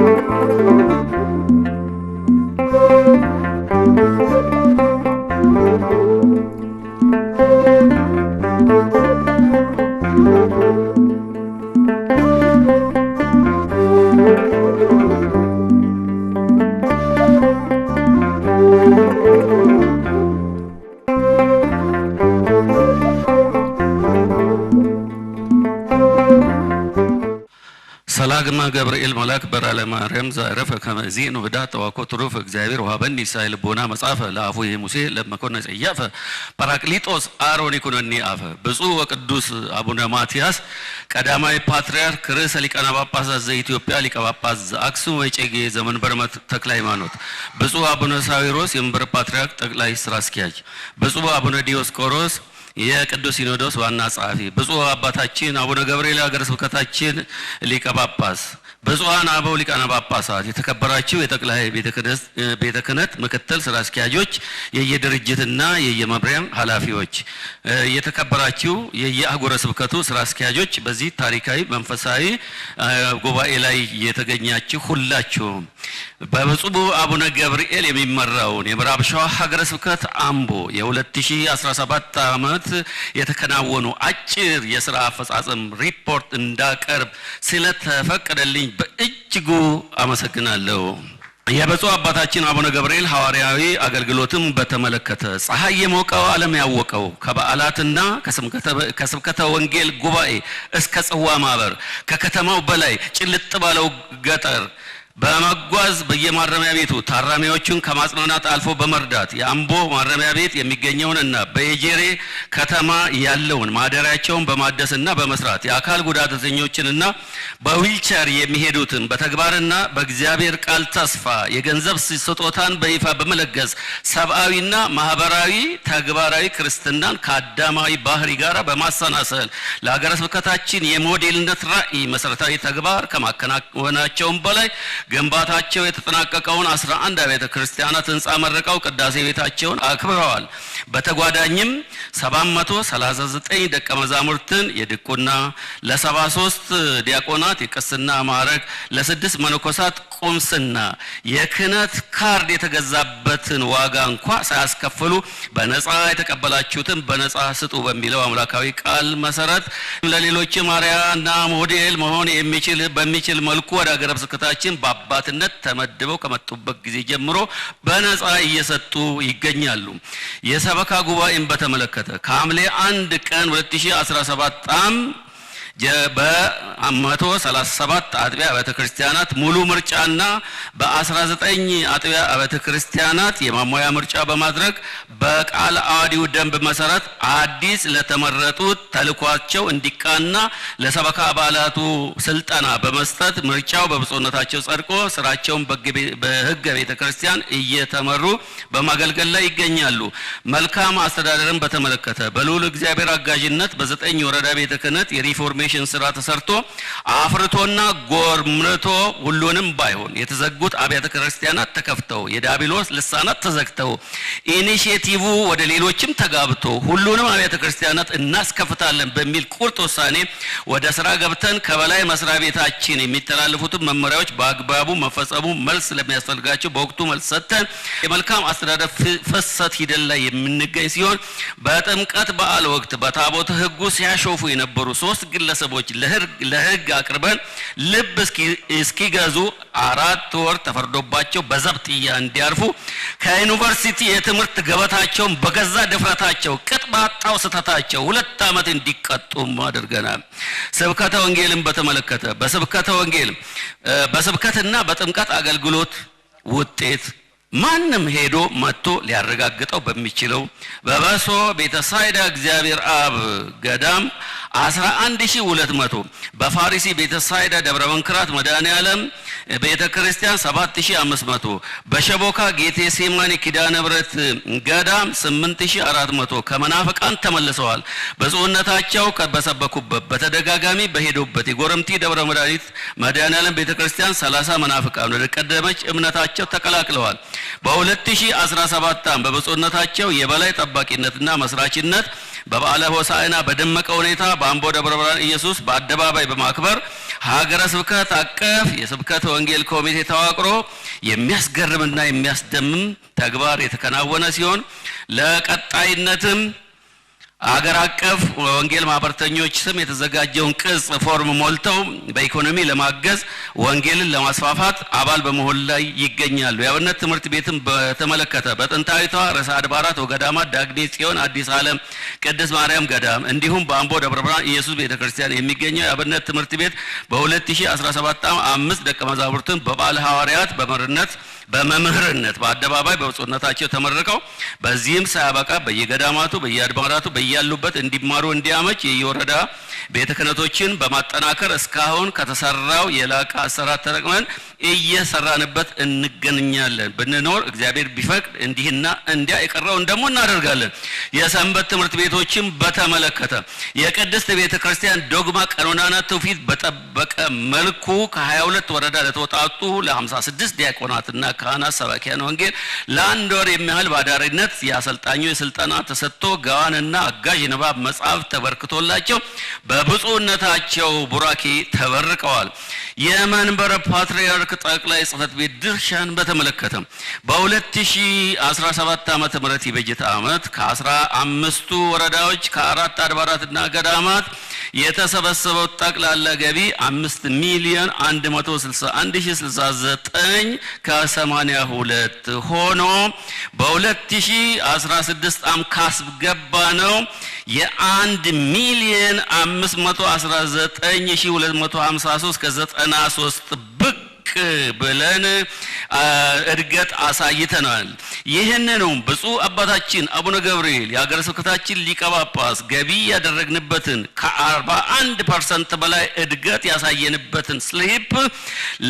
thank you ሰማ ገብርኤል መልአክ በራለ ማርያም ዘረፈ ከመዚ ንብዳ ተዋኮ ትሩፍ እግዚአብሔር ውሃበኒ ሳይ ልቦና መጻፈ ለአፉ ይሄ ሙሴ ለመኮነ ጸያፈ ጳራቅሊጦስ አሮን ይኩነኒ አፈ ብፁዕ ወቅዱስ አቡነ ማትያስ ቀዳማዊ ፓትርያርክ ርዕሰ ሊቃነ ጳጳሳት ዘኢትዮጵያ ሊቀ ጳጳስ ዘአክሱም ወዕጨጌ ዘመንበረ ተክለ ሃይማኖት፣ ብፁዕ አቡነ ሳዊሮስ የመንበረ ፓትርያርክ ጠቅላይ ስራ አስኪያጅ፣ ብፁዕ አቡነ ዲዮስቆሮስ የቅዱስ ሲኖዶስ ዋና ጸሐፊ ብፁዕ አባታችን አቡነ ገብርኤል ሀገረ ስብከታችን ሊቀ ጳጳስ በጽዋን አበው ሊቃነ ጳጳሳት የተከበራችሁ የጠቅላይ ቤተ ክህነት ምክትል ስራ አስኪያጆች፣ የየድርጅትና የየመብሪያ ኃላፊዎች፣ የተከበራችሁ የየአህጉረ ስብከቱ ስራ አስኪያጆች፣ በዚህ ታሪካዊ መንፈሳዊ ጉባኤ ላይ የተገኛችሁ ሁላችሁም በብፁዕ አቡነ ገብርኤል የሚመራውን የምዕራብ ሸዋ ሀገረ ስብከት አምቦ የ2017 ዓመት የተከናወኑ አጭር የስራ አፈጻጸም ሪፖርት እንዳቀርብ ስለተፈቀደልኝ በእጅጉ አመሰግናለሁ። የብፁዕ አባታችን አቡነ ገብርኤል ሐዋርያዊ አገልግሎትም በተመለከተ ፀሐይ የሞቀው ዓለም ያወቀው ከበዓላትና ከስብከተ ወንጌል ጉባኤ እስከ ጽዋ ማህበር ከከተማው በላይ ጭልጥ ባለው ገጠር በመጓዝ በየማረሚያ ቤቱ ታራሚዎቹን ከማጽናናት አልፎ በመርዳት የአምቦ ማረሚያ ቤት የሚገኘውንና በኤጀሬ ከተማ ያለውን ማደሪያቸውን በማደስና በመስራት የአካል ጉዳተኞችንና በዊልቸር የሚሄዱትን በተግባርና በእግዚአብሔር ቃል ተስፋ የገንዘብ ስጦታን በይፋ በመለገስ ሰብአዊና ማህበራዊ ተግባራዊ ክርስትናን ከአዳማዊ ባህሪ ጋር በማሰናሰል ለሀገረ ስብከታችን የሞዴልነት ራዕይ መሰረታዊ ተግባር ከማከናወናቸውም በላይ ግንባታቸው የተጠናቀቀውን 11 ቤተ ክርስቲያናት ህንፃ መርቀው ቅዳሴ ቤታቸውን አክብረዋል። በተጓዳኝም 739 ደቀ መዛሙርትን የድቁና፣ ለ73 ዲያቆናት የቅስና ማዕረግ፣ ለስድስት መነኮሳት ቁምስና የክህነት ካርድ የተገዛበትን ዋጋ እንኳ ሳያስከፍሉ በነፃ የተቀበላችሁትን በነፃ ስጡ በሚለው አምላካዊ ቃል መሰረት ለሌሎችም አርአያና ሞዴል መሆን የሚችል በሚችል መልኩ ወደ ሀገረ ስብከታችን በአባትነት ተመድበው ከመጡበት ጊዜ ጀምሮ በነፃ እየሰጡ ይገኛሉ። የሰበካ ጉባኤን በተመለከተ ከሐምሌ አንድ ቀን 2017 ዓ.ም በ137 አጥቢያ አብያተ ክርስቲያናት ሙሉ ምርጫና በ19 አጥቢያ አብያተ ክርስቲያናት የማሟያ ምርጫ በማድረግ በቃለ ዓዋዲው ደንብ መሰረት አዲስ ለተመረጡት ተልኳቸው እንዲቃና ለሰበካ አባላቱ ስልጠና በመስጠት ምርጫው በብፁዕነታቸው ጸድቆ ስራቸውን በሕገ ቤተ ክርስቲያን እየተመሩ በማገልገል ላይ ይገኛሉ። መልካም አስተዳደርን በተመለከተ በልዑል እግዚአብሔር አጋዥነት በዘጠኝ ወረዳ ቤተ ክህነት የሪፎርሜሽን የኮሚኒኬሽን ስራ ተሰርቶ አፍርቶና ጎርምርቶ ሁሉንም ባይሆን የተዘጉት አብያተ ክርስቲያናት ተከፍተው የዲያብሎስ ልሳናት ተዘግተው ኢኒሼቲቭ ወደ ሌሎችም ተጋብቶ ሁሉንም አብያተ ክርስቲያናት እናስከፍታለን በሚል ቁርጥ ውሳኔ ወደ ስራ ገብተን ከበላይ መስሪያ ቤታችን የሚተላለፉትን መመሪያዎች በአግባቡ መፈጸሙ መልስ ለሚያስፈልጋቸው በወቅቱ መልስ ሰጥተን የመልካም አስተዳደር ፍሰት ሂደት ላይ የምንገኝ ሲሆን በጥምቀት በዓል ወቅት በታቦተ ሕጉ ሲያሾፉ የነበሩ ሶስት ግለ ግለሰቦች ለህግ አቅርበን ልብ እስኪገዙ አራት ወር ተፈርዶባቸው በዘብጥያ እንዲያርፉ ከዩኒቨርሲቲ የትምህርት ገበታቸውን በገዛ ድፍረታቸው ቅጥ ባጣው ሁለት ዓመት እንዲቀጡም አድርገናል። ስብከተ ወንጌልን በተመለከተ በስብከተ ወንጌል በስብከትና በጥምቀት አገልግሎት ውጤት ማንም ሄዶ መጥቶ ሊያረጋግጠው በሚችለው በበሶ ቤተሳይዳ እግዚአብሔር አብ ገዳም 11200 በፋሪሲ ቤተሳይዳ ደብረ መንክራት መድኃኔ ዓለም ቤተ ክርስቲያን 7500 በሸቦካ ጌቴ ሴማኒ ኪዳነ ብረት ገዳም 8400 ከመናፍቃን ተመልሰዋል። በጽሁነታቸው በሰበኩበት በተደጋጋሚ በሄዱበት የጎረምቲ ደብረ መድኃኒት መድኃኔ ዓለም ቤተ ክርስቲያን 30 መናፍቃን ወደ ቀደመች እምነታቸው ተቀላቅለዋል። በ2017 ዓ.ም በብፁዕነታቸው የበላይ ጠባቂነትና መስራችነት በበዓለ ሆሳዕና በደመቀ ሁኔታ በአምቦ ደብረ ብርሃን ኢየሱስ በአደባባይ በማክበር ሀገረ ስብከት አቀፍ የስብከት ወንጌል ኮሚቴ ተዋቅሮ የሚያስገርምና የሚያስደምም ተግባር የተከናወነ ሲሆን ለቀጣይነትም አገር አቀፍ ወንጌል ማህበርተኞች ስም የተዘጋጀውን ቅጽ ፎርም ሞልተው በኢኮኖሚ ለማገዝ ወንጌልን ለማስፋፋት አባል በመሆን ላይ ይገኛሉ። የአብነት ትምህርት ቤትም በተመለከተ በጥንታዊቷ ርዕሰ አድባራት ወገዳማት ዳግኔ ጽዮን አዲስ ዓለም ቅድስት ማርያም ገዳም እንዲሁም በአምቦ ደብረ ብርሃን ኢየሱስ ቤተ ክርስቲያን የሚገኘው የአብነት ትምህርት ቤት በ2017 አምስት ደቀ መዛሙርትን በባለ ሐዋርያት በመርነት በመምህርነት በአደባባይ በብፁዕነታቸው ተመርቀው በዚህም ሳያበቃ በየገዳማቱ በየአድባራቱ በየ በያሉበት እንዲማሩ እንዲያመች የየወረዳ ቤተ ክህነቶችን በማጠናከር እስካሁን ከተሰራው የላቀ አሰራር ተጠቅመን እየሰራንበት እንገኛለን። ብንኖር እግዚአብሔር ቢፈቅድ እንዲህና እንዲያ የቀረውን ደግሞ እናደርጋለን። የሰንበት ትምህርት ቤቶችን በተመለከተ የቅድስት ቤተ ክርስቲያን ዶግማ ቀኖናና ትውፊት በጠበቀ መልኩ ከ22 ወረዳ ለተወጣጡ ለ56 ዲያቆናትና ካህናት ሰባኪያን ወንጌል ለአንድ ወር የሚያህል በአዳሪነት የአሰልጣኙ የስልጠና ተሰጥቶ ገዋንና አጋዥ ንባብ መጽሐፍ ተበርክቶላቸው በብፁዕነታቸው ቡራኬ ተበርቀዋል። የመንበረ ፓትርያርክ ጠቅላይ ጽህፈት ቤት ድርሻን በተመለከተ በ2017 ዓ.ም የበጀት ዓመት ከአስራ አምስቱ ወረዳዎች ከአራት አድባራትና ገዳማት የተሰበሰበው ጠቅላላ ገቢ 5 ሚሊዮን 161069 ከ82 ሆኖ በ2016 ዓም ገባ ነው የአንድ ሚሊየን አምስት መቶ አስራ ዘጠኝ ሺህ ሁለት መቶ ሀምሳ ሶስት ከዘጠና ሶስት ብቅ ብለን እድገት አሳይተናል። ይህንኑ ብፁዕ አባታችን አቡነ ገብርኤል የሀገረ ስብከታችን ሊቀ ጳጳስ ገቢ ያደረግንበትን ከ41 ፐርሰንት በላይ እድገት ያሳየንበትን ስሊፕ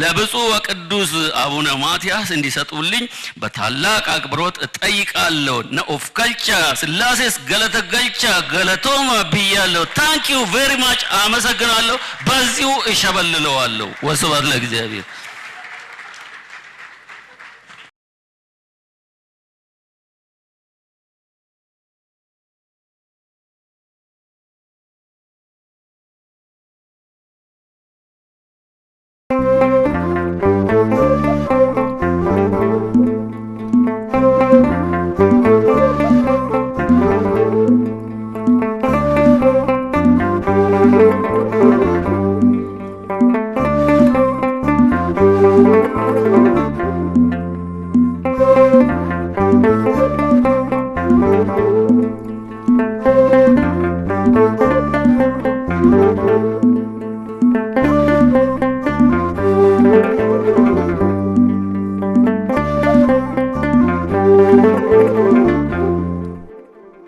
ለብፁዕ ወቅዱስ አቡነ ማትያስ እንዲሰጡልኝ በታላቅ አክብሮት እጠይቃለሁ። ነኦፍ ከልቻ ስላሴስ ገለተ ገልቻ ገለቶማ ብያለሁ። ታንኪዩ ቬሪ ማች አመሰግናለሁ። በዚሁ እሸበልለዋለሁ። ወስብሐት ለእግዚአብሔር።